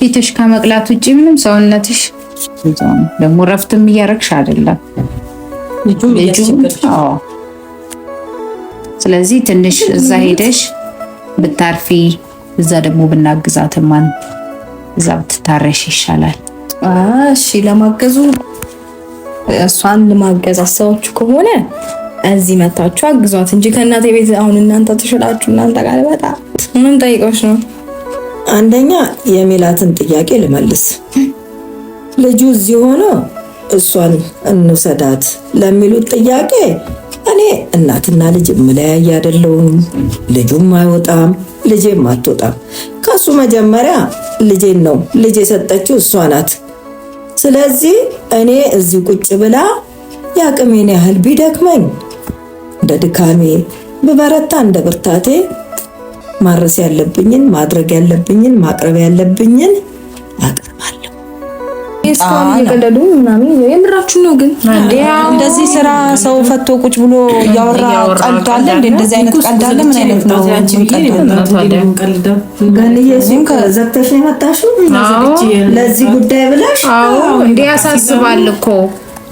ፊትሽ ከመቅላት ውጭ ምንም ሰውነትሽ ደግሞ ረፍትም እያረግሽ አይደለም። ስለዚህ ትንሽ እዛ ሄደሽ ብታርፊ እዛ ደግሞ ብናግዛትማን እዛ ብትታረሽ ይሻላል። እሺ፣ ለማገዙ እሷን ለማገዝ አሰባችሁ ከሆነ እዚህ መታችሁ አግዟት እንጂ ከእናቴ ቤት አሁን እናንተ ትሽላችሁ እናንተ ጋር በጣም ምንም ጠይቆች ነው አንደኛ የሜላትን ጥያቄ ልመልስ። ልጁ እዚህ ሆኖ እሷን እንውሰዳት ለሚሉት ጥያቄ እኔ እናትና ልጅ የምለያይ አይደለሁም። ልጁም አይወጣም፣ ልጄም አትወጣም። ከሱ መጀመሪያ ልጄን ነው ልጅ የሰጠችው እሷ ናት። ስለዚህ እኔ እዚህ ቁጭ ብላ የአቅሜን ያህል ቢደክመኝ እንደ ድካሜ ብበረታ እንደ ብርታቴ ማድረስ ያለብኝን ማድረግ ያለብኝን ማቅረብ ያለብኝን አቅርባለሁ። እስካሁን እየቀለዱ ምናምን የምራችሁ ነው። ግን እንደዚህ ስራ ሰው ፈቶ ቁጭ ብሎ እያወራ ቀልድ እንደ እንደዚህ አይነት ቀልዳለ ምን አይነት ነው? ገንዬ ከዘግተሽ ነው የመጣሽው ለዚህ ጉዳይ ብለሽ እንዲ ያሳስባል እኮ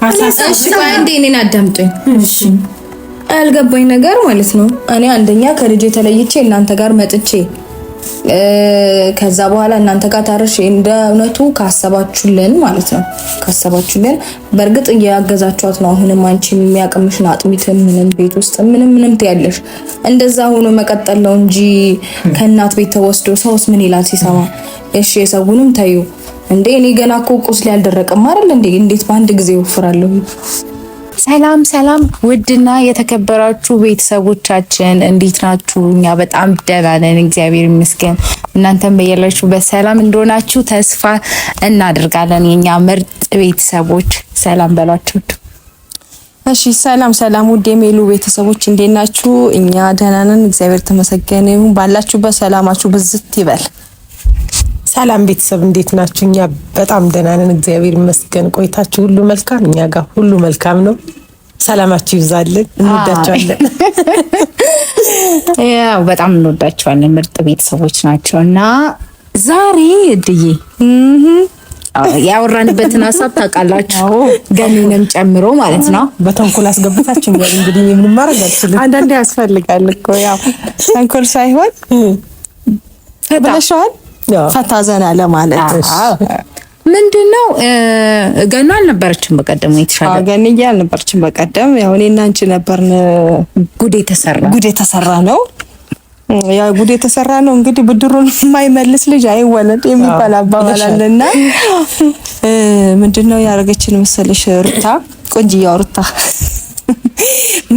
አሳስባል። እንዴ እኔን አዳምጦኝ ያልገባኝ ነገር ማለት ነው እኔ አንደኛ ከልጄ ተለይቼ እናንተ ጋር መጥቼ ከዛ በኋላ እናንተ ጋር ታርሽ እንደ እውነቱ ካሰባችሁልን ማለት ነው ካሰባችሁልን፣ በእርግጥ እያገዛችኋት ነው። አሁንም አንቺ የሚያቅምሽን አጥሚት ምንም ቤት ውስጥ ምንም ምንም ትያለሽ። እንደዛ ሆኖ መቀጠል ነው እንጂ ከእናት ቤት ተወስዶ ሰውስ ምን ይላል ሲሰማ? እሺ የሰውንም ተዩ እንዴ። እኔ ገና እኮ ቁስሌ አልደረቀም አይደል እንዴ? እንዴት በአንድ ጊዜ ይወፍራለሁ? ሰላም ሰላም፣ ውድና የተከበራችሁ ቤተሰቦቻችን እንዴት ናችሁ? እኛ በጣም ደህና ነን፣ እግዚአብሔር ይመስገን። እናንተም በያላችሁበት ሰላም እንደሆናችሁ ተስፋ እናደርጋለን። የኛ ምርጥ ቤተሰቦች ሰላም በሏችሁ። እሺ፣ ሰላም ሰላም፣ ውድ የሜሉ ቤተሰቦች እንዴት ናችሁ? እኛ ደህና ነን፣ እግዚአብሔር ተመሰገነ ይሁን። ባላችሁበት ሰላማችሁ ብዝት ይበል። ሰላም ቤተሰብ እንዴት ናችሁ? እኛ በጣም ደህና ነን፣ እግዚአብሔር ይመስገን። ቆይታችሁ ሁሉ መልካም? እኛ ጋር ሁሉ መልካም ነው። ሰላማችሁ ይብዛልን። እንወዳቸዋለን። ያው በጣም እንወዳቸዋለን። ምርጥ ቤተሰቦች ናቸው እና ዛሬ እድዬ ያወራንበትን ሀሳብ ታውቃላችሁ፣ ገሚንም ጨምሮ ማለት ነው። በተንኮል አስገብታችሁ ጋር እንግዲህ ምን ማድረግ አልችልም። አንዳንዴ ያስፈልጋል እኮ ያው ተንኮል ሳይሆን ብለሻዋል ፈታ ዘና ለማለት ምንድን ነው ገና አልነበረችም። በቀደም የተሻለ ገንዬ አልነበረችም። በቀደም ያው እኔና አንቺ ነበርን። ጉዴ ተሰራ ጉዴ ተሰራ ነው ያ ጉድ የተሰራ ነው እንግዲህ ብድሩን የማይመልስ ልጅ አይወለድ የሚባል አባባል አለና ምንድነው ያደረገችን መሰለሽ ሩታ ቆንጅዬዋ ሩታ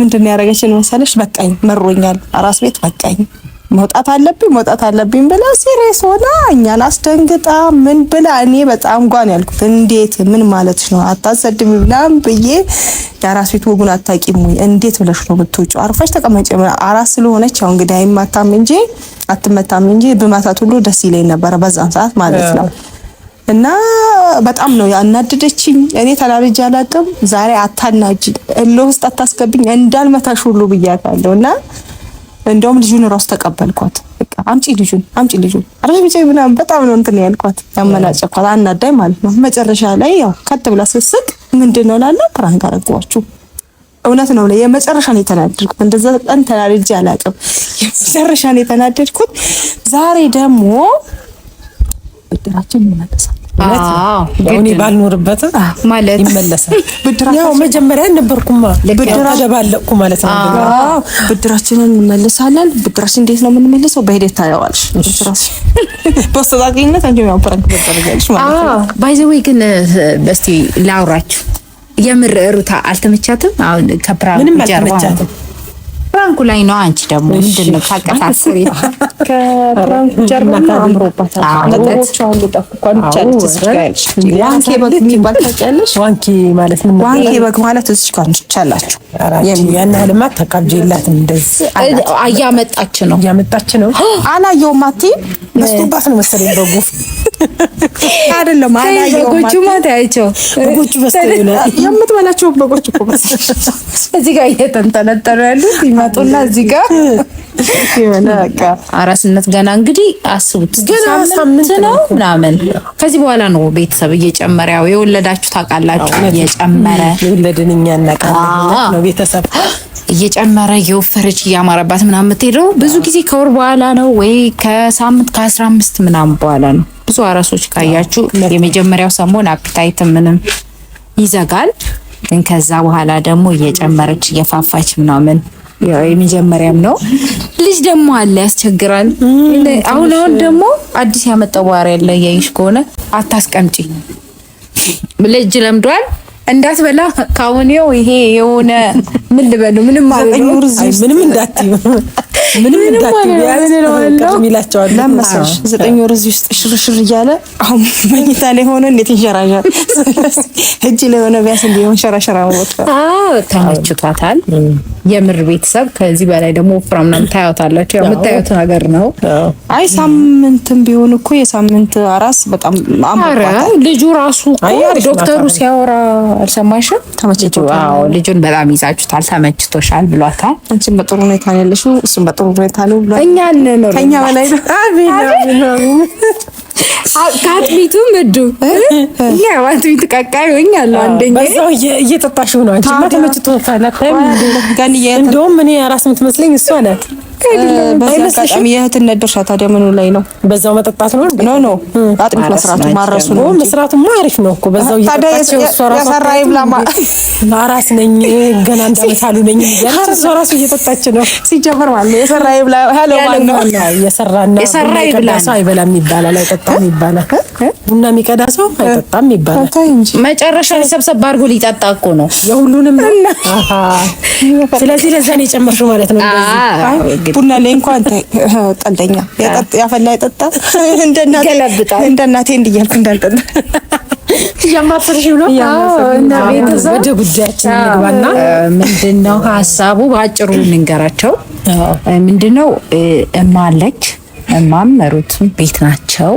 ምንድነው ያደረገችን መሰለሽ በቃኝ መሮኛል አራስ ቤት በቃኝ መውጣት አለብኝ መውጣት አለብኝ ብላ ሲሪየስ ሆና እኛን አስደንግጣ ምን ብላ እኔ በጣም ጓን ያልኩት እንዴት ምን ማለትሽ ነው አታሰድም ብላም ብዬ የአራስ ቤት ወጉን አታውቂም ወይ እንዴት ብለሽ ነው ብትውጪ አርፋሽ ተቀመጭ አራስ ስለሆነች ያው እንግዲህ አይማታም እንጂ አትመታም እንጂ ብማታት ሁሉ ደስ ይለኝ ነበረ በዛን ሰዓት ማለት ነው እና በጣም ነው ያናደደችኝ። እኔ ተናድጄ አላውቅም። ዛሬ አታናጅ፣ እልህ ውስጥ አታስገብኝ፣ እንዳልመታሽ ሁሉ ብያታለሁ እና እንደውም ልጁን ራሱ ተቀበልኳት። በቃ አምጪ ልጁን አምጪ ልጁን አረሽ ብቻ ምናምን በጣም ነው እንትን ያልኳት ያመናጨኳት፣ አናዳይ ማለት ነው። መጨረሻ ላይ ያው ከት ብላ ስትስቅ ምንድን ነው ላለ ፕራንክ አረጓችሁ። እውነት ነው የመጨረሻ ነው የተናደድኩት። እንደዛ ቀን ተናድጄ አላውቅም። የመጨረሻ ነው የተናደድኩት። ዛሬ ደግሞ ብድራችን ይመለሳል። እኔ ባልኖርበት ማለት ይመለሳል። ያው መጀመሪያ ነበርኩማ ብድር አደባለቅኩ ማለት ነው። ብድራችንን እንመልሳለን። ብድራችን እንዴት ነው የምንመልሰው? በሂደት ታየዋለሽ። በአስተዛጋኝነት አንቺ ያው ፕራንክ ተደረጋለሽ ማለት ነው። ባይ ዘ ዌይ ግን እስቲ ላውራችሁ። የምር ሩታ አልተመቻትም። አሁን ከፕራንክ ጀርባ ፕራንኩ ላይ ነው። አንቺ ደግሞ ምንድን ነው ታቀሳስሪ ከብራንክ ጀርባ አምሮባታል። ነጠሮቹ አሁን በግ የሚባል ታውቂያለሽ? ዋንኬ ማለት ምን? ዋንኬ በግ ማለት እዚህ ጋር ነች ያን ያህልማ ተቃብጅ እንደዚህ እያመጣች ነው እያመጣች ነው። አላየውም። አትይም በስቶባት ነው መሰለኝ በጉ አይደለም። አላየውም። በጎቹ ማታያቸው በጎቹ የምትበላቸው በጎቹ እዚህ ጋር እየተንጠለጠሉ ያሉት ይመጡና እዚህ ጋር አራስነት ገና እንግዲህ አስቡት ገና ሳምንት ነው ምናምን። ከዚህ በኋላ ነው ቤተሰብ እየጨመረ ያው የወለዳችሁ ታውቃላችሁ፣ እየጨመረ የወለድን እኛ ነው ቤተሰብ እየጨመረ እየወፈረች እያማረባት ምናምን የምትሄደው ብዙ ጊዜ ከወር በኋላ ነው ወይ ከሳምንት ከአስራ አምስት ምናምን በኋላ ነው። ብዙ አራሶች ካያችሁ የመጀመሪያው ሰሞን አፒታይት ምንም ይዘጋል፣ ግን ከዛ በኋላ ደግሞ እየጨመረች እየፋፋች ምናምን የመጀመሪያም ነው። ልጅ ደግሞ አለ ያስቸግራል። አሁን አሁን ደግሞ አዲስ ያመጣው ባህሪ ያለ እያየሽ ከሆነ አታስቀምጪ ልጅ ለምዷል። እንዳትበላ ካሁን ይኸው ይሄ የሆነ ምን ልበሉ ምንም ማለት ነው። ምንም እንዳትዪ ምንም እንዳትዪ ይላቸዋል። ለምሳሽ ዘጠኝ ወር እዚህ ውስጥ ሽርሽር እያለ አሁን መኝታ ላይ ሆኖ እንዴት ይንሸራሻል። እጅ ላይ ሆነ ቢያስ እንደ መንሸራሸራ ማለት አዎ፣ ተመችቷታል። የምር ቤተሰብ ከዚህ በላይ ደግሞ ወፍራም ነው ታያታላችሁ። ያው የምታዩት ነገር ነው። አይ ሳምንትም ቢሆን እኮ የሳምንት አራስ በጣም አምሮባታል ልጁ ራሱ ዶክተሩ ሲያወራ አልሰማሽም? ተመችቶታል፣ ልጁን በጣም ይዛችሁታል፣ ተመችቶሻል ብሏታል። አንቺም በጥሩ ሁኔታ ነው ያለሽው፣ እሱም በጥሩ ሁኔታ ነው ብሏል። እኛ ነው ከኛ በላይ ከአጥሚቱ ምዱ ዋትሚቱ ቀቃይ ሆኝ አለ አንደኛ እየጠጣሽው ነው። አንቺማ ተመችቶታል። እንደውም እኔ አራስ የምትመስለኝ እሷ ናት። በዚህ አጋጣሚ የእህትነት ድርሻ ታዲያ ምኑ ላይ ነው? በዛው መጠጣት ነው ኖ ኖ አጥሚት መስራቱ ማረሱ ነው። መስራቱ አሪፍ ነው እኮ በዛው አራስ ነኝ ገና እንዳመታሉ ነኝ እሷ ራሱ እየጠጣች ነው። ሲጀመር ማለት ነው የሰራ ይብላ የሚቀዳ ሰው አይበላም ይባላል፣ አይጠጣም ይባላል። ቡና የሚቀዳ ሰው አይጠጣም ይባላል። መጨረሻ ሰብሰብ አድርጎ ሊጠጣ እኮ ነው የሁሉንም። ስለዚህ ለዛ ነው የጨመርሽው ማለት ነው ቡና ላይ እንኳን ጠልደኛ ያፈላ ይጠጣ እንደ እናቴ እንድያልክ እንዳልጠጣ እያማፈርሽ ነው እና ቤተሰብ ወደ ጉዳያችን እንግባና ምንድነው ሀሳቡ በአጭሩ እንንገራቸው። ምንድነው እማ አለች። እማም መሩትም ቤት ናቸው።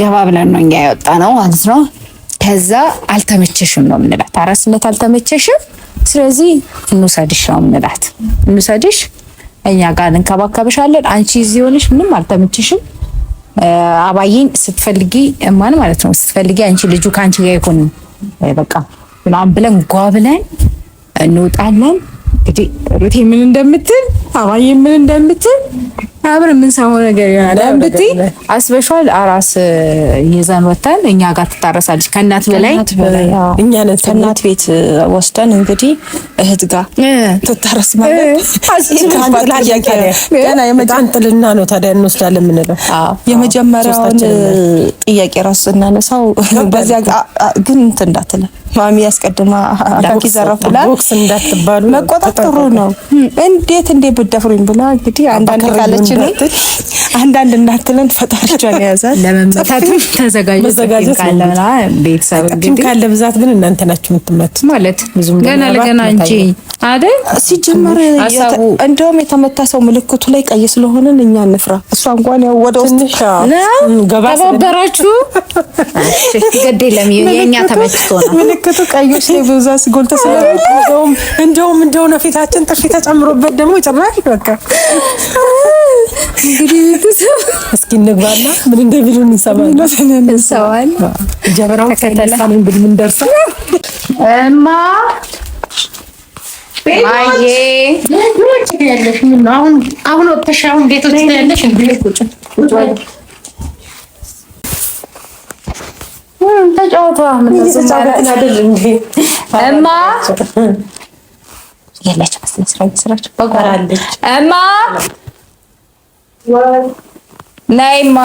ገባ ብለን ነው እኛ ያወጣ ነው ማለት ነው። ከዛ አልተመቸሽም ነው የምንላት፣ አራስነት አልተመቸሽም፣ ስለዚህ እንውሰድሽ ነው የምንላት እንውሰድሽ እኛ ጋር እንከባከብሻለን። አንቺ እዚህ ሆነሽ ምንም አልተመችሽም። አባዬን ስትፈልጊ ማን ማለት ነው ስትፈልጊ አንቺ ልጁ ከአንቺ ጋር ይሁን በቃ ምናምን ብለን ጓ ብለን እንውጣለን። እንግዲህ ሩቴ ምን እንደምትል አባዬ ምን እንደምትል አብረን የምንሰማው ነገር ያለ ብትይ አስበሽዋል። አራስ ይዘን ወተን እኛ ጋር ትታረሳለች ከእናት በላይ እኛ ነን። ከእናት ቤት ወስደን እንግዲህ እህት ጋር ትታረስ ማለት ገና የመጫንጥልና ነው። ታዲያ እንወስዳለን የምንለው የመጀመሪያውን ጥያቄ ራሱ እናነሳው በዚያ ግን እንትን እንዳትለን ማሚ ያስቀድማ አካኪ ዘረፍ ቦክስ እንዳትባሉ መቆጣጥሩ ነው። እንዴት እንዴ ብደፍሩኝ ብላ እንግዲህ አንዳንድ ካለች አንዳንድ እናትለን ፈጣሪቿን የያዛል። ለመመታትም ተዘጋጀት ካለና ካለ ብዛት ግን እናንተ ናችሁ የምትመቱ ማለት ገና ለገና እንጂ አይደል? ሲጀመር እንደውም የተመታ ሰው ምልክቱ ላይ ቀይ ስለሆነን እኛ እንፍራ። እሷ እንኳን ያው ወደ ውስጥ ገባበራችሁ ግድ የለም የእኛ ተመችቶ ነው ምልክቱ ቀዮች ላይ በብዛት ሲጎልተ ስለሆነ እንደውም እንደሆነ ፊታችን ጥፊ ተጨምሮበት ደግሞ ጭራሽ በቃ እስኪ እንግባና ምን እንደሚሉ እንሰማለን። እንሰዋል ጀበራው ተከተላን እንግዲህ ምን ደርሰው እማ ማዬ አሁን አሁን ወጥተሽ እማ ናይማ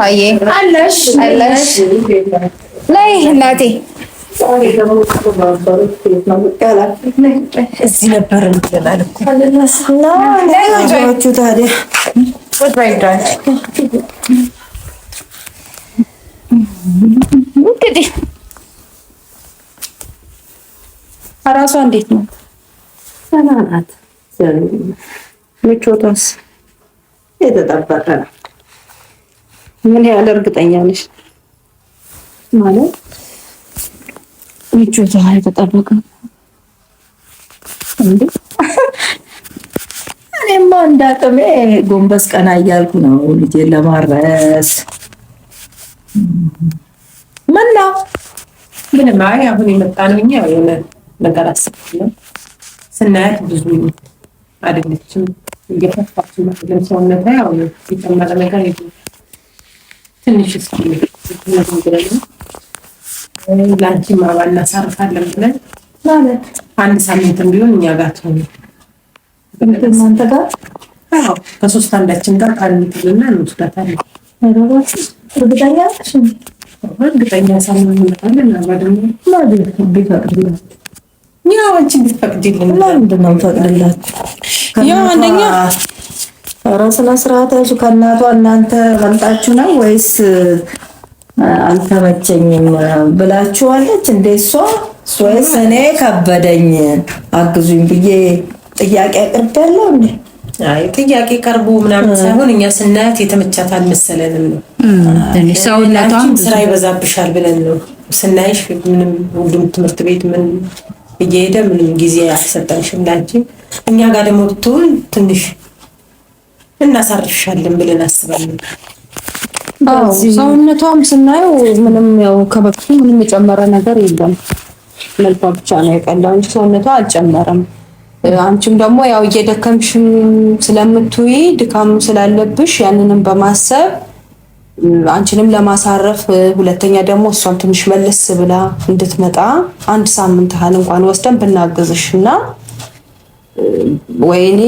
ማዬ አለሽ አለሽ ላይ እናቴ እዚህ ነበር እንላለን። ራሷ እንዴት ነው? ሰና ናት። ምቾቷስ የተጠበቀ ነው። ምን ያህል እርግጠኛ ነሽ? ማለት ምቾቷ የተጠበቀ እንዴ? እኔማ እንዳቅሜ ጎንበስ ቀና እያልኩ ነው ልጄን ለማረስ ምን ምንም አይ አሁን የመጣ ነው እኛ ነገር አስባለሁ። ስናያት ብዙ አይደለችም፣ እየከፋች መስለም ሰውነት ላይ አሁን የጨመረ ነገር ይ ትንሽ ስነግረን ለአንቺ ማባ እናሳርፋለን ብለን ማለት አንድ ሳምንትም ቢሆን እኛ ጋር ትሆኑ እናንተ ጋር ከሶስት አንዳችን ጋር ታንትልና እንወስዳታለን። እርግጠኛ እርግጠኛ ሳምንት እንመጣለን አባ ደግሞ ቤት አቅርላቸው ያው አንቺ እንድትፈቅጂልን ምንድን ነው ፈቅድላት? ያው አንደኛ ኧረ ስነ ስርዓት ያዙ። ከእናቷ እናንተ በልጣችሁ ነው ወይስ አልተመቸኝም ብላችኋለች እንዴ? እሷ ወይስ እኔ ከበደኝ አግዙኝ ብዬ ጥያቄ አቅርቤያለሁ እንዴ? አይ ጥያቄ ቀርቦ ምናምን ሳይሆን እኛ ስናያት የተመቻት አልመሰለንም ነው። ሰውነቷም ስራ ይበዛብሻል ብለን ነው ስናይሽ። ምንም ሁሉም ትምህርት ቤት ምን እየሄደ ምንም ጊዜ አልሰጠንሽም ላንቺ። እኛ ጋር ደግሞ ብትሆን ትንሽ እናሳርፍሻለን ብለን አስበን ሰውነቷም ስናየው ምንም ያው ከበፊቱ ምንም የጨመረ ነገር የለም። መልኳ ብቻ ነው የቀላው እንጂ ሰውነቷ አልጨመረም። አንቺም ደግሞ ያው እየደከምሽም ስለምትውይ ድካም ስላለብሽ ያንንም በማሰብ አንቺንም ለማሳረፍ ሁለተኛ ደግሞ እሷም ትንሽ መለስ ብላ እንድትመጣ አንድ ሳምንት ያህል እንኳን ወስደን ብናግዝሽ እና ወይኔ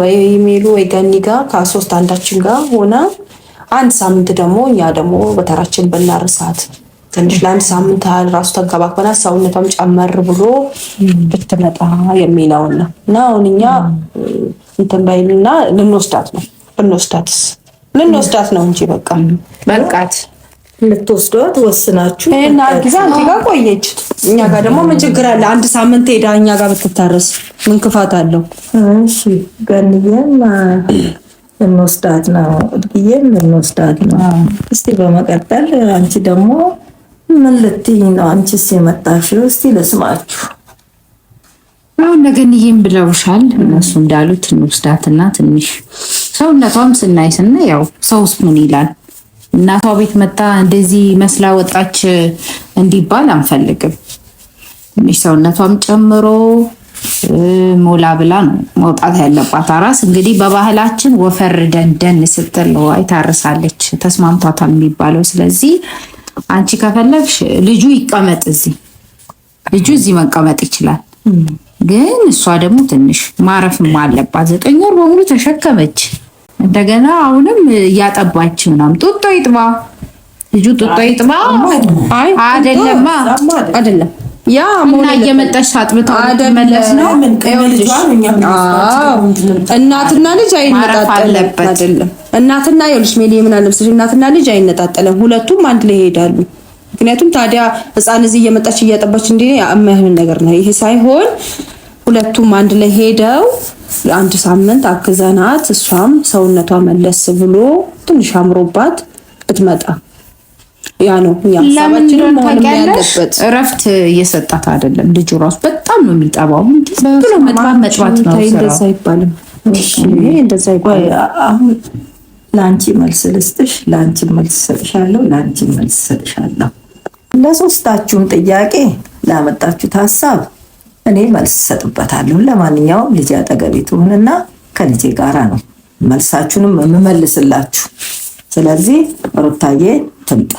ወይ ሜሉ ወይ ገኒ ጋ ከሶስት አንዳችን ጋር ሆና አንድ ሳምንት ደግሞ እኛ ደግሞ በተራችን ብናርሳት ትንሽ ለአንድ ሳምንት ያህል ራሱ ተንከባክበና ሰውነቷም ጨመር ብሎ ብትመጣ የሚለውን ነው እና አሁን እኛ እንትን በይልና ልንወስዳት ነው ብንወስዳትስ ልንወስዳት ነው እንጂ በቃ መልቃት ልትወስዷት ወስናችሁ እና አርጊዛ አንቺ ጋር ቆየች። እኛ ጋር ደግሞ ምን ችግር አለ? አንድ ሳምንት ሄዳ እኛ ጋር ብትታረስ ምን ክፋት አለው? እሺ ገንዬም እንወስዳት ነው እድግዬም እንወስዳት ነው። እስቲ በመቀጠል አንቺ ደግሞ ምን ልትይኝ ነው? አንቺስ የመጣሽው እስቲ ልስማችሁ። አሁን ነገንዬም ብለውሻል እነሱ እንዳሉት እንወስዳትና ትንሽ ሰውነቷም ስናይ ስናይ ያው ሰውስ ምን ይላል እናቷ ቤት መጣ እንደዚህ መስላ ወጣች እንዲባል አንፈልግም። ትንሽ ሰውነቷም ጨምሮ ሞላ ብላ ነው መውጣት ያለባት። አራስ እንግዲህ በባህላችን ወፈር ደንደን ስትል አይታርሳለች ተስማምቷታል የሚባለው። ስለዚህ አንቺ ከፈለግሽ ልጁ ይቀመጥ እዚህ ልጁ እዚህ መቀመጥ ይችላል። ግን እሷ ደግሞ ትንሽ ማረፍም አለባት። ዘጠኝ ወር በሙሉ ተሸከመች። እንደገና አሁንም እያጠባችው ነው። ጡጦ ይጥባ ልጁ ጡጦ ይጥባ። አይደለማ አይደለም ያ እና እየመጣሽ አጥብታ መለስ ነው። እናትና ልጅ አይነጣጠልም። አይደለም እናትና ይኸውልሽ፣ ሜሊ ምን አለብስሽ፣ እናትና ልጅ አይነጣጠልም። ሁለቱም አንድ ላይ ይሄዳሉ። ምክንያቱም ታዲያ ህፃን እዚህ እየመጣች እያጠባች እንደ የማይሆን ነገር ነው ይሄ ሳይሆን ሁለቱም አንድ ላይ ሄደው አንድ ሳምንት አክዘናት እሷም ሰውነቷ መለስ ብሎ ትንሽ አምሮባት ብትመጣ ያ ነው። ለምንድን ታውቂያለሽ? እረፍት እየሰጣት አይደለም። ልጁ ራሱ በጣም ነው የሚጠባው። ብሎ መጥባት መጥባት ነው እንደዛ አይባልም። እንደዛ አይባልም። አሁን ለአንቺ መልስ ልስጥሽ፣ ለአንቺ መልስ ሰጥሻለሁ፣ ለአንቺ መልስ ሰጥሻለሁ። ለሶስታችሁም ጥያቄ ላመጣችሁት ሀሳብ እኔ መልስ እሰጥበታለሁ። ለማንኛውም ልጅ አጠገቤ ትሆንና ከልጄ ጋራ ነው መልሳችሁንም የምመልስላችሁ። ስለዚህ ሩታዬ ትምጣ።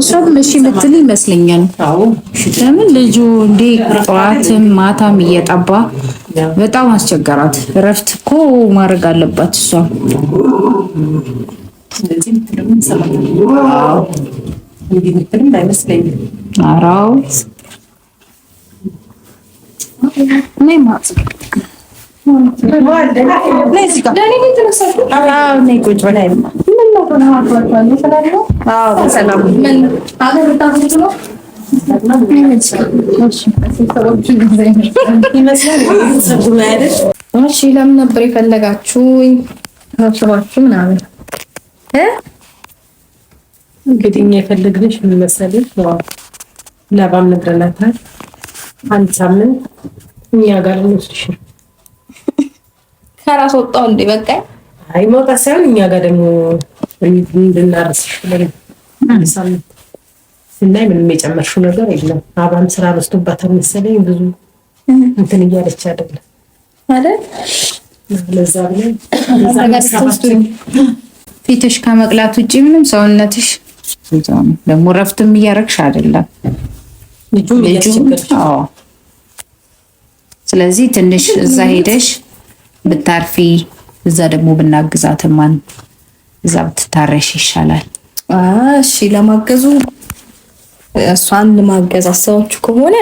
እሷም እሺ የምትል ይመስለኛል። ለምን ልጁ እንዴ ጠዋትም ማታም እየጠባ በጣም አስቸገራት። እረፍት እኮ ማድረግ አለባት እሷ አራው ለምን ነበር የፈለጋችሁኝ? ሰብስባችሁ ምናምን እንግዲህ እኛ የፈለግንሽ ምን መሰለሽ፣ ለባም ነግረናታል። አንድ ሳምንት እኛ ጋር እንወስድሽ ነው ከራስ ወጣው እንዴ በቃ አይ መውጣት ሳይሆን እኛ ጋር ደግሞ እንድናርስ ስናይ ምንም የጨመርሽው ነገር የለም። አብራም ስራ በዝቶባታል መሰለኝ ብዙ እንትን እያለች አይደለም ፊትሽ ከመቅላት ውጭ ምንም ሰውነትሽ ደግሞ ረፍትም እያረግሽ አይደለም። ስለዚህ ትንሽ እዛ ሄደሽ ብታርፊ እዛ ደግሞ ብናግዛት ማን እዛ ብትታረሽ ይሻላል። እሺ ለማገዙ እሷን ለማገዝ አሰባችሁ ከሆነ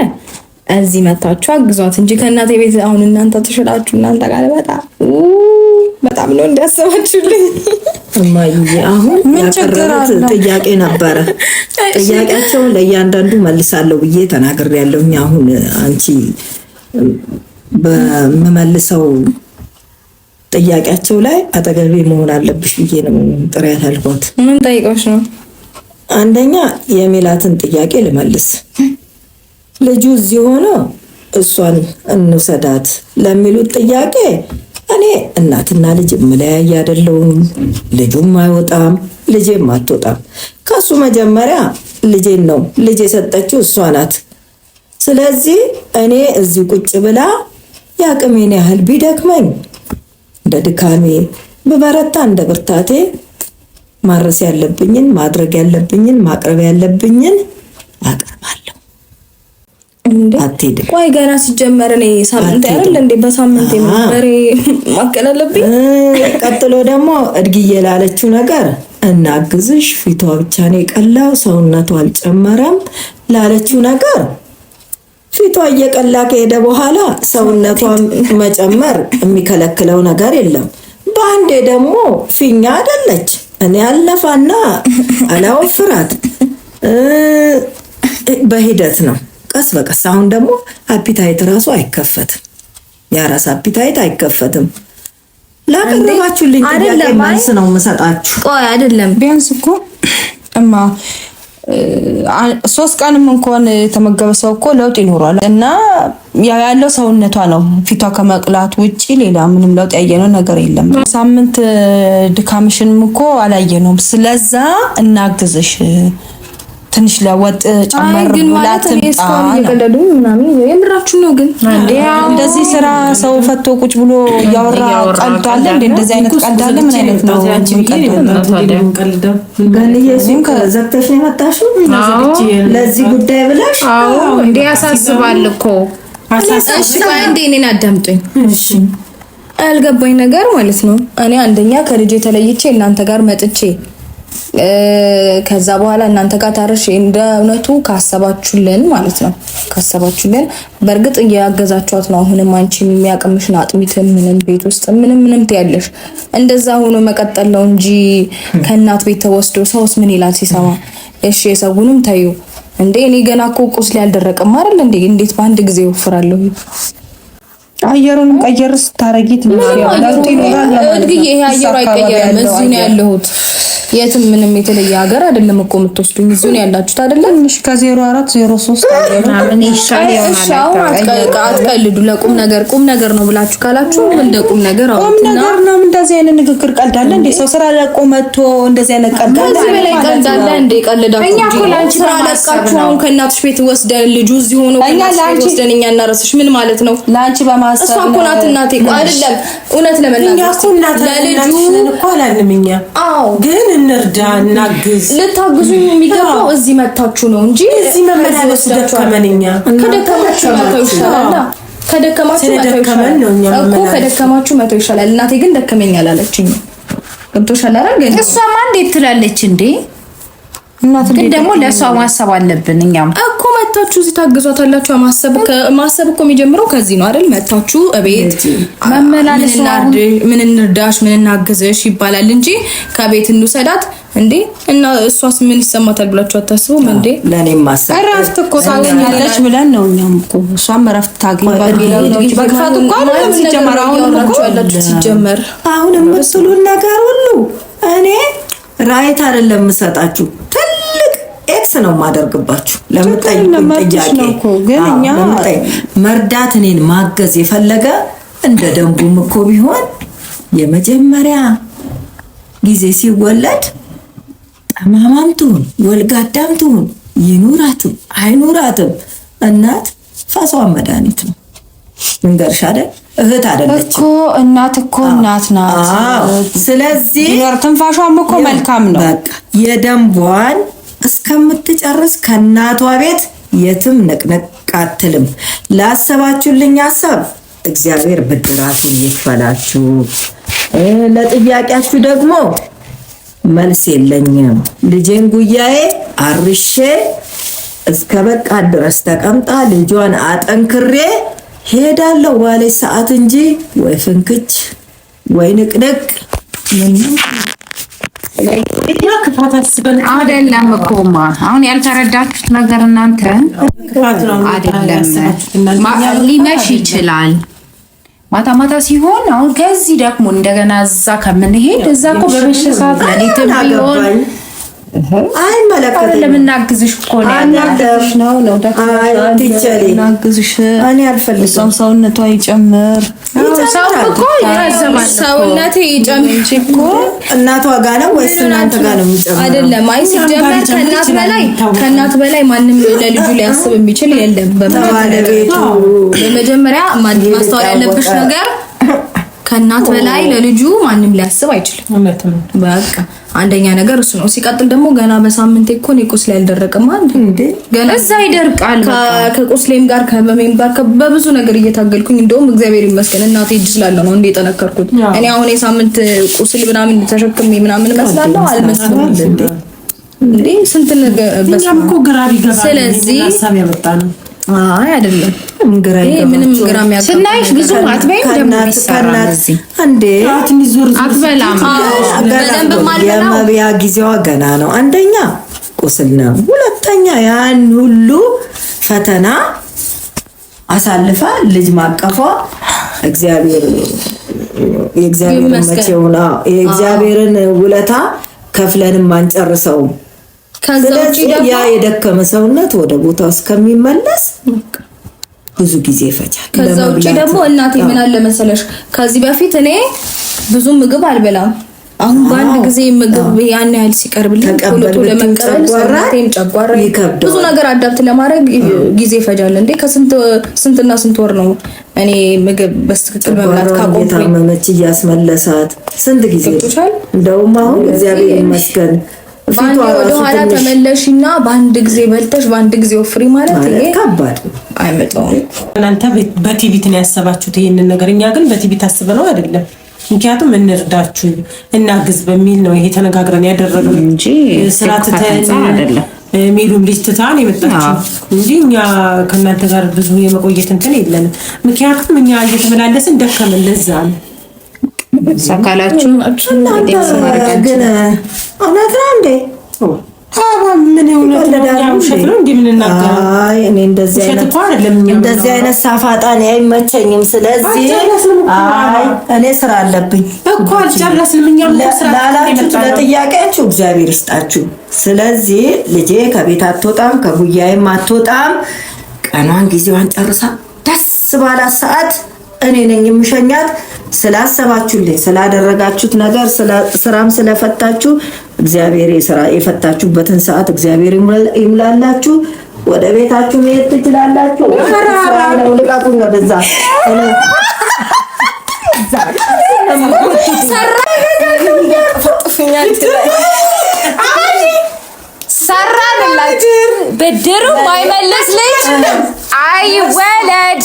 እዚህ መታችሁ አግዟት እንጂ ከእናቴ ቤት አሁን እናንተ ትሽላችሁ እናንተ ጋር በጣም በጣም ነው እንዲያሰባችሁልኝ። እማዬ አሁን ጥያቄ ነበረ። ጥያቄያቸውን ለእያንዳንዱ መልሳለሁ ብዬ ተናግሬያለሁኝ። አሁን አንቺ በምመልሰው ጥያቄያቸው ላይ አጠገቤ መሆን አለብሽ ብዬ ነው ጥሪያት አልኳት። ምን ጠይቀሽ ነው? አንደኛ የሜላትን ጥያቄ ልመልስ። ልጁ እዚህ ሆኖ እሷን እንውሰዳት ለሚሉት ጥያቄ እኔ እናትና ልጅ የምለያይ አይደለሁም። ልጁም አይወጣም፣ ልጄም አትወጣም። ከሱ መጀመሪያ ልጄን ነው ልጅ የሰጠችው እሷ ናት። ስለዚህ እኔ እዚህ ቁጭ ብላ የአቅሜን ያህል ቢደክመኝ እንደ ድካሜ በበረታ እንደ ብርታቴ ማድረስ ያለብኝን ማድረግ ያለብኝን ማቅረብ ያለብኝን አቅርባለሁ። አትሄድም። ቆይ ገና ሲጀመር እኔ ሳምንት ያለ እንዴ? በሳምንት የመበሬ ማቀላለብኝ። ቀጥሎ ደግሞ እድግዬ ላለችው ነገር እናግዝሽ፣ ፊቷ ብቻ ነው የቀላው ሰውነቷ አልጨመረም ላለችው ነገር ፊቷ እየቀላ ከሄደ በኋላ ሰውነቷን መጨመር የሚከለክለው ነገር የለም። በአንዴ ደግሞ ፊኛ አይደለች። እኔ አለፋና አላወፍራት። በሂደት ነው፣ ቀስ በቀስ አሁን ደግሞ አፒታይት ራሱ አይከፈትም። የአራስ አፒታይት አይከፈትም። ላቀረባችሁልኝ ጥያቄ መልስ ነው የምሰጣችሁ። ቆይ አይደለም ቢያንስ እኮ እማ ሶስት ቀንም እንኳን የተመገበ ሰው እኮ ለውጥ ይኖሯል። እና ያለው ሰውነቷ ነው። ፊቷ ከመቅላት ውጭ ሌላ ምንም ለውጥ ያየነው ነገር የለም። ሳምንት ድካምሽንም እኮ አላየነውም። ስለዛ እናግዝሽ ትንሽ ለወጥ ጨመር ብላ የምራችሁ ነው ግን እንደዚህ ስራ ሰው ፈቶ ቁጭ ብሎ እያወራ ቀልድ አለ እንዴ? እንደዚህ አይነት ቀልድ አለ? ምን አይነት ነው? ዘግተሽ ነው የመጣሽው ለዚህ ጉዳይ ብለሽ እንዴ? ያሳስባል እኮ እሺ። ቆይ እንዴ እኔን አዳምጡኝ እሺ። አልገባኝ ነገር ማለት ነው እኔ አንደኛ ከልጄ ተለይቼ እናንተ ጋር መጥቼ ከዛ በኋላ እናንተ ጋር ታርሽ እንደ እውነቱ ካሰባችሁልን ማለት ነው። ካሰባችሁልን በእርግጥ እያገዛችኋት ነው። አሁንም አንቺ የሚያቀምሽን አጥሚት ምንም ቤት ውስጥ ምንም ምንም ትያለሽ። እንደዛ ሆኖ መቀጠል ነው እንጂ ከእናት ቤት ተወስዶ ሰውስ ምን ይላል ሲሰማ? እሺ የሰውንም ታዩ እንዴ? እኔ ገና እኮ ቁስሌ አልደረቀም አይደል እንዴ? እንዴት በአንድ ጊዜ ወፍራለሁ? አየሩን ቀየር ስታረጊት ነው ያለው። ይሄ አየሩ አይቀየርም። እዚሁ ነው ያለሁት የትም ምንም የተለየ ሀገር አይደለም እኮ የምትወስዱኝ፣ እዚሁ ነው ያላችሁት አይደለ? ከዜሮ ከ04 03 አትቀልዱ። ለቁም ነገር ቁም ነገር ነው ብላችሁ ካላችሁ እንደ ቁም ነገር ቁም ነገር ነው። እንደዚህ አይነት ንግግር ቀልዳለ እንዴ? ሰው ስራ ለቆ መጥቶ እንደዚህ አይነት ቀልዳለ እዚህ በላይ ቀልዳለ እንዴ? ቀልዳችሁ ስራ ለቃችሁ አሁን ከእናትሽ ቤት ወስደን ልጁ እዚህ ሆኖ ወስደን እኛ እናረስሽ ምን ማለት ነው? ለአንቺ በማሰብ እሷ እኮ ናት እናቴ አይደለም። እውነት ለመናገር ለልጁ እኮ አላልንም እኛ ግን እንርዳ፣ እናግዝ። ልታግዙ የሚገባው እዚህ መታችሁ ነው እንጂ እዚህ መመላለስ ደከመን። እኛ ከደከማችሁ መተው ይሻላል። ከደከማችሁ መተው ይሻላል። እናቴ ግን ደከመኝ አላለችኝም። ገብቶሻል አይደል? እሷማ እንዴት ትላለች እንዴ? ግን ደግሞ ለእሷ ማሰብ አለብን። እኛም እኮ መታችሁ እዚህ ታግዟታላችሁ። ማሰብ ማሰብ እኮ የሚጀምረው ከዚህ ነው አይደል? መታችሁ እቤት መመላለስ፣ ምን እንርዳሽ፣ ምን እናግዝሽ ይባላል እንጂ ከቤት እንውሰዳት እንዴ እና እሷስ ምን ይሰማታል ብላችሁ አታስቡም እንዴ? ለኔ ማሰብ እረፍት እኮ ታገኛለች ብለን ነው። እኛም እኮ እሷም እረፍት ታገኝ በግፋት እኮ አይደለም ሲጀመር፣ አሁን እኮ ሲጀመር አሁን የምትሉን ነገር ሁሉ እኔ ራይት አይደለም የምሰጣችሁ ክስ ነው የማደርግባችሁ። ለምጠይቁኝ መርዳት እኔን ማገዝ የፈለገ እንደ ደንቡም እኮ ቢሆን የመጀመሪያ ጊዜ ሲወለድ ጠማማም ትሁን ወልጋዳም ትሁን ይኑራትም አይኑራትም እናት ፈሷ መድኃኒት ነው። ልንገርሽ አይደል እህት አደለች እናት እኮ እናት ናት። ስለዚህ ትንፋሿም እኮ መልካም ነው። የደንቧን እስከምትጨርስ ከእናቷ ቤት የትም ንቅንቅ አትልም። ላሰባችሁልኝ ሀሳብ እግዚአብሔር ብድራቱ ይክፈላችሁ። ለጥያቄያችሁ ደግሞ መልስ የለኝም። ልጄን ጉያዬ አርሼ እስከ በቃ ድረስ ተቀምጣ ልጇን አጠንክሬ ሄዳለሁ ባለች ሰዓት እንጂ ወይ ፍንክች ወይ ንቅንቅ ምንም ክፋት አስበን አይደለም እኮ አሁን ያልተረዳችሁት ነገር እናንተ አይደለም። ሊመሽ ይችላል ማታ ማታ ሲሆን አሁን ከዚህ ደግሞ እንደገና እዛ ከምንሄድ እዛ እኮ በመሸ ሰዓት ሌሊትም ቢሆን ለምናግዝሽ እኮ ነው ነው እሷም ሰውነቷ ይጨምር ሰውነቴ ይጨምር እኮ እናቷ ጋር ነው ወይስ እናንተ ጋር ነው የሚጨምር? አይደለም። አይ ሲጀመር ከእናት በላይ ከእናት በላይ ማንም ለልጁ ሊያስብ የሚችል የለም። በመጀመሪያ ማስተዋል ያለብሽ ነገር ከእናት በላይ ለልጁ ማንም ሊያስብ አይችልም። በቃ አንደኛ ነገር እሱ ነው። ሲቀጥል ደግሞ ገና በሳምንት እኮ እኔ ቁስሌ አልደረቅም። ገና እዛ ይደርቃል። ከቁስሌም ጋር ከህመሜም ጋር በብዙ ነገር እየታገልኩኝ እንደውም እግዚአብሔር ይመስገን እናቴ እጅ ስላለ ነው እንደ የጠነከርኩት። እኔ አሁን የሳምንት ቁስል ምናምን ተሸክሜ ምናምን እመስላለሁ? አልመስልም። እንዴ ስንት ነገር በስልኩ ግራ ቢገባ ስለዚህ አይ አይደለም። ምንም ግራ ስናይሽ ብዙ አትበይም። ደግሞ አትበላም። ጊዜዋ ገና ነው። አንደኛ ቁስል ነው። ሁለተኛ ያን ሁሉ ፈተና አሳልፋ ልጅ ማቀፏ እግዚአብሔር የእግዚአብሔርን ውለታ ከፍለንም አንጨርሰውም። ስለዚህ ያ የደከመ ሰውነት ወደ ቦታው እስከሚመለስ ብዙ ጊዜ ይፈጃል። ከዛ ውጭ ደግሞ እናቴ ምን አለ መሰለሽ፣ ከዚህ በፊት እኔ ብዙ ምግብ አልበላም። አሁን በአንድ ጊዜ ምግብ ያን ያህል ሲቀርብልኝ ቶሎ ለመቀበል ሰውነቴም ጨጓራ ብዙ ነገር አዳብት ለማድረግ ጊዜ ይፈጃል። እንዴ ከስንትና ስንት ወር ነው እኔ ምግብ በስትክክል መብላት ካቆምኩኝ። እያስመለሳት ስንት ጊዜ እንደውም አሁን እግዚአብሔር ይመስገን ባንዴ ወደኋላ ተመለሽና በአንድ ጊዜ በልተሽ በአንድ ጊዜ ወፍሪ ማለት ይሄ ከባድ አይመጣውም። እናንተ በቲቪት ነው ያሰባችሁት ይሄንን ነገር፣ እኛ ግን በቲቪት አስበ ነው አይደለም። ምክንያቱም እንርዳችሁ እናግዝ በሚል ነው ይሄ ተነጋግረን ያደረግነው እንጂ ስራ ትተን አይደለም። ልጅ ትታን የመጣችው እንጂ እኛ ከእናንተ ጋር ብዙ የመቆየት እንትን የለንም። ምክንያቱም እኛ እየተመላለስን ደከመን ለዛ ነው ሳካላችሁ እንደዚህ አይነት ሳፋጣ አይመቸኝም። ስለዚህ እኔ ስራ አለብኝ ላላችሁ ለጥያቄያችሁ እግዚአብሔር ይስጣችሁ። ስለዚህ ልጄ ከቤት አትወጣም፣ ከጉያይም አትወጣም። ቀኗን ጊዜዋን ጨርሳ ደስ ባላት ሰዓት እኔ ነኝ የምሸኛት። ስላሰባችሁልኝ ስላደረጋችሁት ነገር ስራም ስለፈታችሁ እግዚአብሔር ስራ የፈታችሁበትን ሰዓት እግዚአብሔር ይምላላችሁ። ወደ ቤታችሁ መሄድ ትችላላችሁ። ልቀቁኝ ወደዛ ሰራንላችሁ ብድሩ ማይመለስ ልጅ አይወለድ።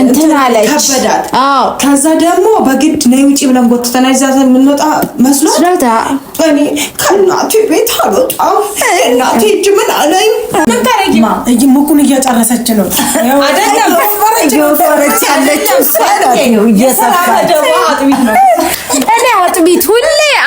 እንትን አለች። አዎ ከዛ ደግሞ በግድ ነይ ውጪ ብለን ጎትተና ይዛት የምንወጣ መስሏት እኔ ከእናቴ ቤት አልወጣም። እናቴ እጅ ምን አለኝ? ምን ታረጊማ? ሙቁን እየጨረሰች ነው እየወፈረች ያለችው እሷ እኔ አጥቢት ሁሌ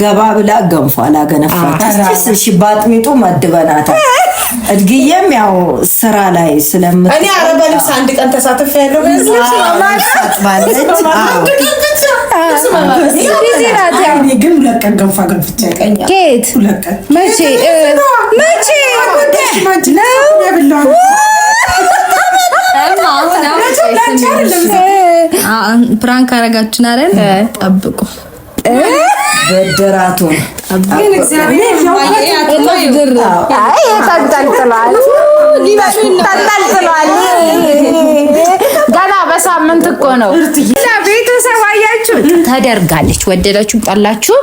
ገባ ብላ ገንፎ አላገነፋት ባጥሚጡ መድበናታል። እድግዬም ያው ስራ ላይ ስለምት እኔ አረበ ልብስ አንድ ቀን ተሳትፍ ያለው ፕራንክ አረጋችን አይደል? ጠብቁ በደራቱን ተንጠልጥሏል። ገና በሳምንት እኮ ነው። ቤተሰብ አያችሁ፣ ተደርጋለች። ወደዳችሁ ጠላችሁ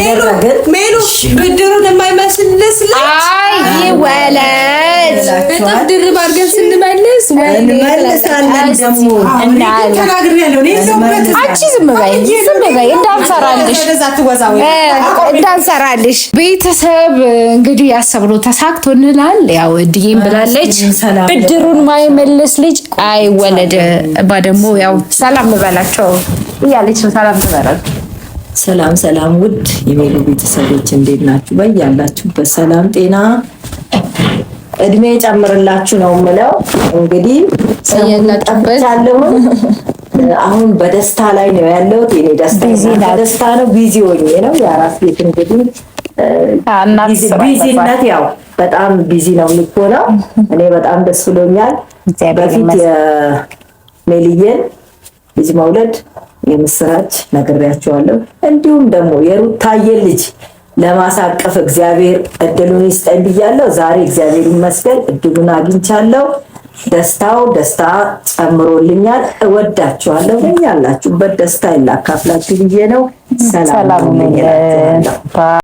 ሜሉ ብድሩን እጥፍ ድርብ አድርገን ስንመልስ አንቺ ዝም በይ ዝም በይ እንዳንሰራልሽ እንዳንሰራልሽ። ቤተሰብ እንግዲህ ያሰብነው ተሳክቶ ብላል። ያው እድዬም ብላለች። ብድሩን ማይመልስ ልጅ አይወለድ ባ ደግሞ ያው ሰላም በላቸው እያለች ነው። ሰላም በላቸው። ሰላም ሰላም፣ ውድ የሜሉ ቤተሰቦች እንዴት ናችሁ? ያላችሁበት ሰላም ጤና እድሜ ጨምርላችሁ ነው የምለው። እንግዲህ ያለው አሁን በደስታ ላይ ነው ያለሁት። የኔ ደስታ ነው ቢዚ ሆኜ ነው የአራስ ቤት እንግዲህ ቢዚነት ያው በጣም ቢዚ ነው የሚሆነው። እኔ በጣም ደስ ብሎኛል። በፊት የሜልዬን ልጅ መውለድ የምስራች ነግሬያቸዋለሁ። እንዲሁም ደግሞ የሩታዬን ልጅ ለማሳቀፍ እግዚአብሔር እድሉን ይስጠኝ ብያለሁ። ዛሬ እግዚአብሔር ይመስገን እድሉን አግኝቻለሁ። ደስታው ደስታ ጨምሮልኛል። እወዳችኋለሁ። በያላችሁበት ደስታ ይላካፍላችሁ ብዬ ነው። ሰላም ነው።